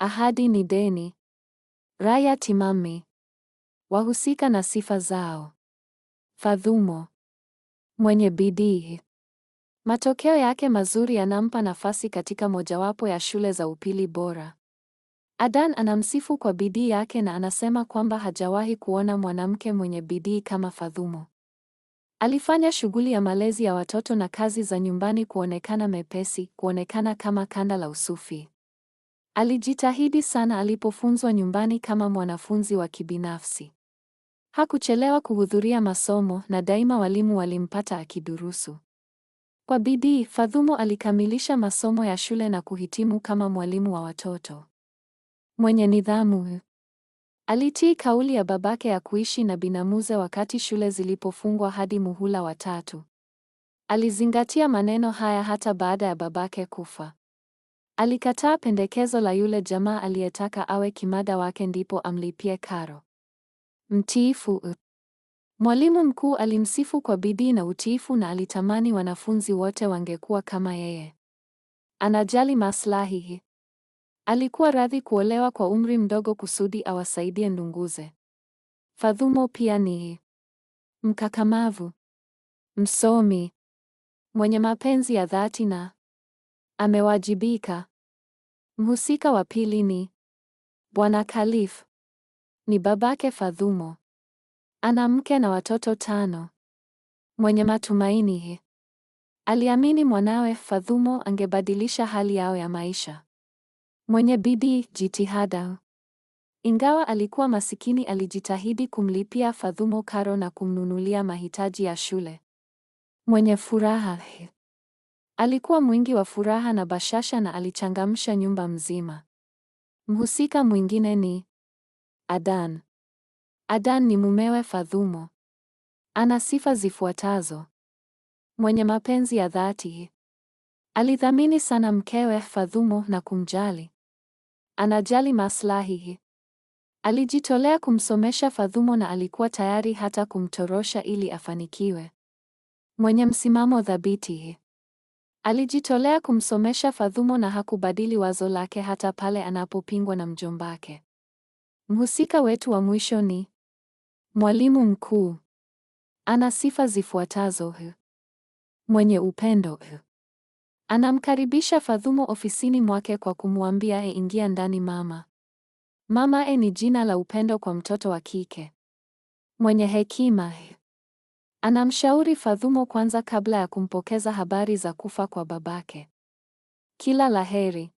Ahadi ni deni. Raya timami. Wahusika na sifa zao. Fadhumo. Mwenye bidii. Matokeo yake mazuri yanampa nafasi katika mojawapo ya shule za upili bora. Adan anamsifu kwa bidii yake na anasema kwamba hajawahi kuona mwanamke mwenye bidii kama Fadhumo. Alifanya shughuli ya malezi ya watoto na kazi za nyumbani kuonekana mepesi, kuonekana kama kanda la usufi. Alijitahidi sana alipofunzwa nyumbani kama mwanafunzi wa kibinafsi. Hakuchelewa kuhudhuria masomo na daima walimu walimpata akidurusu. Kwa bidii, Fadhumo alikamilisha masomo ya shule na kuhitimu kama mwalimu wa watoto. Mwenye nidhamu. Alitii kauli ya babake ya kuishi na binamuze wakati shule zilipofungwa hadi muhula wa tatu. Alizingatia maneno haya hata baada ya babake kufa. Alikataa pendekezo la yule jamaa aliyetaka awe kimada wake ndipo amlipie karo. Mtiifu. Mwalimu mkuu alimsifu kwa bidii na utiifu na alitamani wanafunzi wote wangekuwa kama yeye. Anajali maslahi. Alikuwa radhi kuolewa kwa umri mdogo kusudi awasaidie ndunguze. Fadhumo pia ni mkakamavu, msomi, mwenye mapenzi ya dhati na amewajibika. Mhusika wa pili ni Bwana Khalif. Ni babake Fadhumo. Ana mke na watoto tano. Mwenye matumaini. Aliamini mwanawe Fadhumo angebadilisha hali yao ya maisha. Mwenye bidii, jitihada. Ingawa alikuwa masikini, alijitahidi kumlipia Fadhumo karo na kumnunulia mahitaji ya shule. Mwenye furaha. Alikuwa mwingi wa furaha na bashasha na alichangamsha nyumba mzima. Mhusika mwingine ni Adan. Adan ni mumewe Fadhumo. Ana sifa zifuatazo: mwenye mapenzi ya dhati, alithamini sana mkewe Fadhumo na kumjali, anajali maslahi, alijitolea kumsomesha Fadhumo na alikuwa tayari hata kumtorosha ili afanikiwe, mwenye msimamo thabiti, Alijitolea kumsomesha Fadhumo na hakubadili wazo lake hata pale anapopingwa na mjombake. Mhusika wetu wa mwisho ni mwalimu mkuu. Ana sifa zifuatazo: mwenye upendo. Anamkaribisha Fadhumo ofisini mwake kwa kumwambia e, ingia ndani mama. Mama e ni jina la upendo kwa mtoto wa kike. Mwenye hekima. Anamshauri Fadhumo kwanza kabla ya kumpokeza habari za kufa kwa babake. Kila laheri.